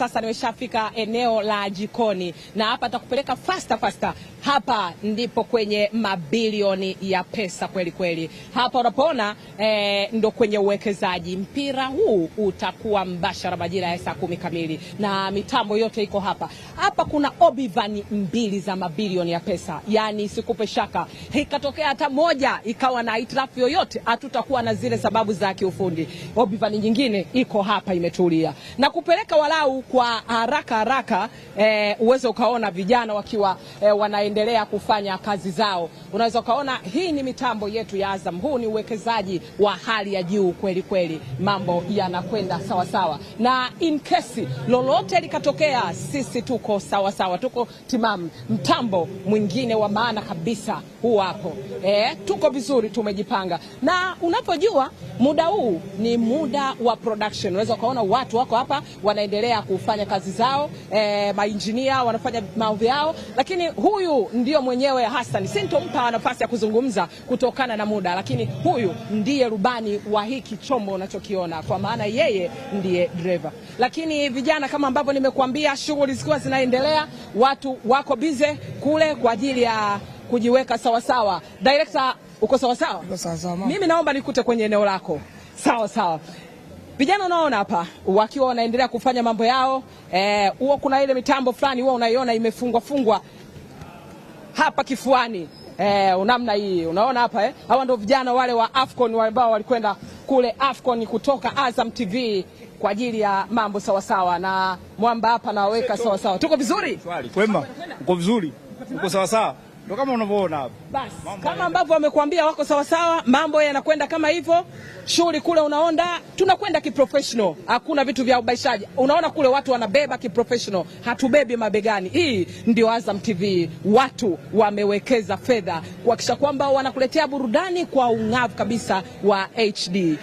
sasa nimeshafika eneo la jikoni, na hapa atakupeleka fasta fasta hapa ndipo kwenye mabilioni ya pesa kweli kweli. Hapa unapoona e, eh, ndo kwenye uwekezaji. Mpira huu utakuwa mbashara majira ya saa kumi kamili na mitambo yote iko hapa. Hapa kuna obivani mbili za mabilioni ya pesa, yaani sikupe shaka, ikatokea hata moja ikawa na hitilafu yoyote, hatutakuwa na zile sababu za kiufundi. Obivani nyingine iko hapa imetulia na kupeleka walau kwa haraka haraka e, uweze ukaona vijana wakiwa e, wanaendelea kufanya kazi zao. Unaweza ukaona hii ni mitambo yetu ya Azam, huu ni uwekezaji wa hali ya juu kweli kweli, mambo yanakwenda sawa sawa, na in case lolote likatokea, sisi tuko sawa sawa, tuko timamu. Mtambo mwingine wa maana kabisa huu hapo e, tuko vizuri, tumejipanga, na unapojua muda huu ni muda wa production, unaweza ukaona watu wako hapa wanaendelea kufanya kazi zao eh, mainjinia wanafanya maovu yao, lakini huyu ndio mwenyewe Hassan. Sintompa nafasi ya kuzungumza kutokana na muda, lakini huyu ndiye rubani wa hiki chombo unachokiona, kwa maana yeye ndiye driver. Lakini vijana, kama ambavyo nimekuambia, shughuli zikiwa zinaendelea, watu wako bize kule kwa ajili ya kujiweka sawasawa. Director, uko sawasawa? Mimi naomba nikute kwenye eneo lako. Sawa sawa. Vijana unaona hapa wakiwa wanaendelea kufanya mambo yao eh, huo, e, kuna ile mitambo fulani huo unaiona imefungwa fungwa hapa kifuani e, namna hii unaona hapa eh? Hawa ndio vijana wale wa Afcon ambao walikwenda kule Afcon kutoka Azam TV kwa ajili ya mambo sawasawa, na mwamba hapa nawaweka sawasawa. Tuko vizuri, kwema, uko vizuri, uko sawasawa. Ndio kama unavyoona hapo. Basi kama ambavyo wamekuambia wako sawasawa, mambo yanakwenda kama hivyo, shughuli kule unaonda, tunakwenda kiprofessional, hakuna vitu vya ubaishaji. Unaona kule watu wanabeba kiprofessional, hatubebi mabegani. Hii ndio Azam TV, watu wamewekeza fedha kuhakikisha kwamba wanakuletea burudani kwa ung'avu kabisa wa HD.